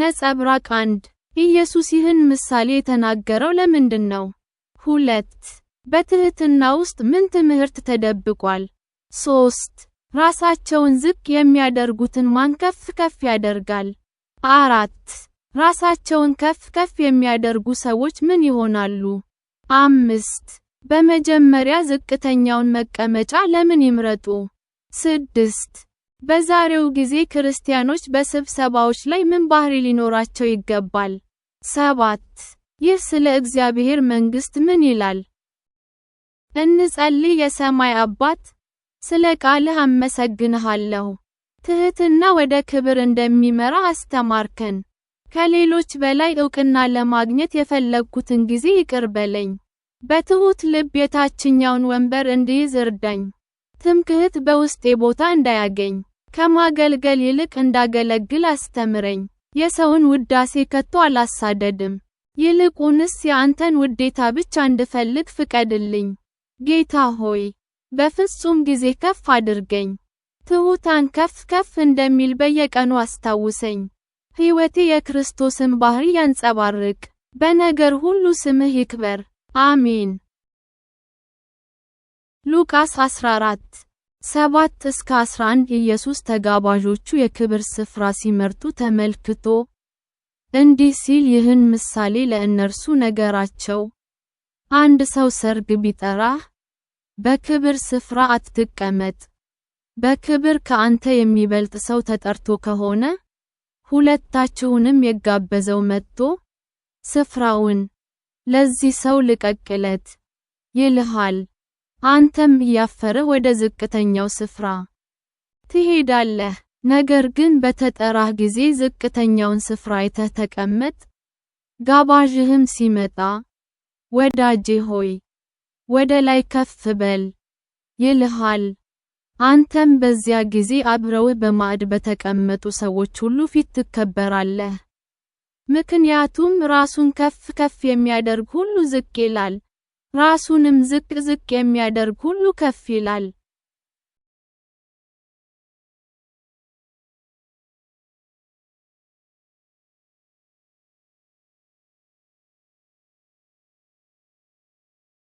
ነጸብራቅ አንድ ኢየሱስ ይህን ምሳሌ የተናገረው ለምንድን ነው? ሁለት በትህትና ውስጥ ምን ትምህርት ተደብቋል? ሶስት ራሳቸውን ዝቅ የሚያደርጉትን ማን ከፍ ከፍ ያደርጋል? አራት ራሳቸውን ከፍ ከፍ የሚያደርጉ ሰዎች ምን ይሆናሉ? አምስት በመጀመሪያ ዝቅተኛውን መቀመጫ ለምን ይምረጡ? ስድስት በዛሬው ጊዜ ክርስቲያኖች በስብሰባዎች ላይ ምን ባህሪ ሊኖራቸው ይገባል? ሰባት ይህ ስለ እግዚአብሔር መንግሥት ምን ይላል? እንጸልይ። የሰማይ አባት፣ ስለ ቃልህ አመሰግንሃለሁ። ትሕትና ወደ ክብር እንደሚመራ አስተማርከን። ከሌሎች በላይ ዕውቅና ለማግኘት የፈለግኩትን ጊዜ ይቅር በለኝ። በትሑት ልብ የታችኛውን ወንበር እንድይዝ እርዳኝ። ትምክህት በውስጤ ቦታ እንዳያገኝ ከማገልገል ይልቅ እንዳገለግል አስተምረኝ። የሰውን ውዳሴ ከቶ አላሳደድም። ይልቁንስ የአንተን ውዴታ ብቻ እንድፈልግ ፍቀድልኝ። ጌታ ሆይ፣ በፍጹም ጊዜ ከፍ አድርገኝ። ትሑታን ከፍ ከፍ እንደሚል በየቀኑ አስታውሰኝ። ሕይወቴ የክርስቶስን ባህሪ ያንጸባርቅ። በነገር ሁሉ ስምህ ይክበር። አሜን። ሉቃስ 14 ሰባት እስከ 11 ኢየሱስ ተጋባዦቹ የክብር ስፍራ ሲመርጡ ተመልክቶ፣ እንዲህ ሲል ይህን ምሳሌ ለእነርሱ ነገራቸው። አንድ ሰው ሰርግ ቢጠራህ፣ በክብር ስፍራ አትቀመጥ። በክብር ከአንተ የሚበልጥ ሰው ተጠርቶ ከሆነ፣ ሁለታችሁንም የጋበዘው መጥቶ፣ ስፍራውን ለዚህ ሰው ልቀቅለት ይልሃል። አንተም እያፈረ ወደ ዝቅተኛው ስፍራ ትሄዳለህ። ነገር ግን በተጠራህ ጊዜ ዝቅተኛውን ስፍራ አይተህ ተቀመጥ። ጋባዥህም ሲመጣ፣ ወዳጄ ሆይ ወደ ላይ ከፍ በል ይልሃል። አንተም በዚያ ጊዜ አብረውህ በማዕድ በተቀመጡ ሰዎች ሁሉ ፊት ትከበራለህ። ምክንያቱም ራሱን ከፍ ከፍ የሚያደርግ ሁሉ ዝቅ ይላል። ራሱንም ዝቅ ዝቅ የሚያደርግ ሁሉ ከፍ ይላል።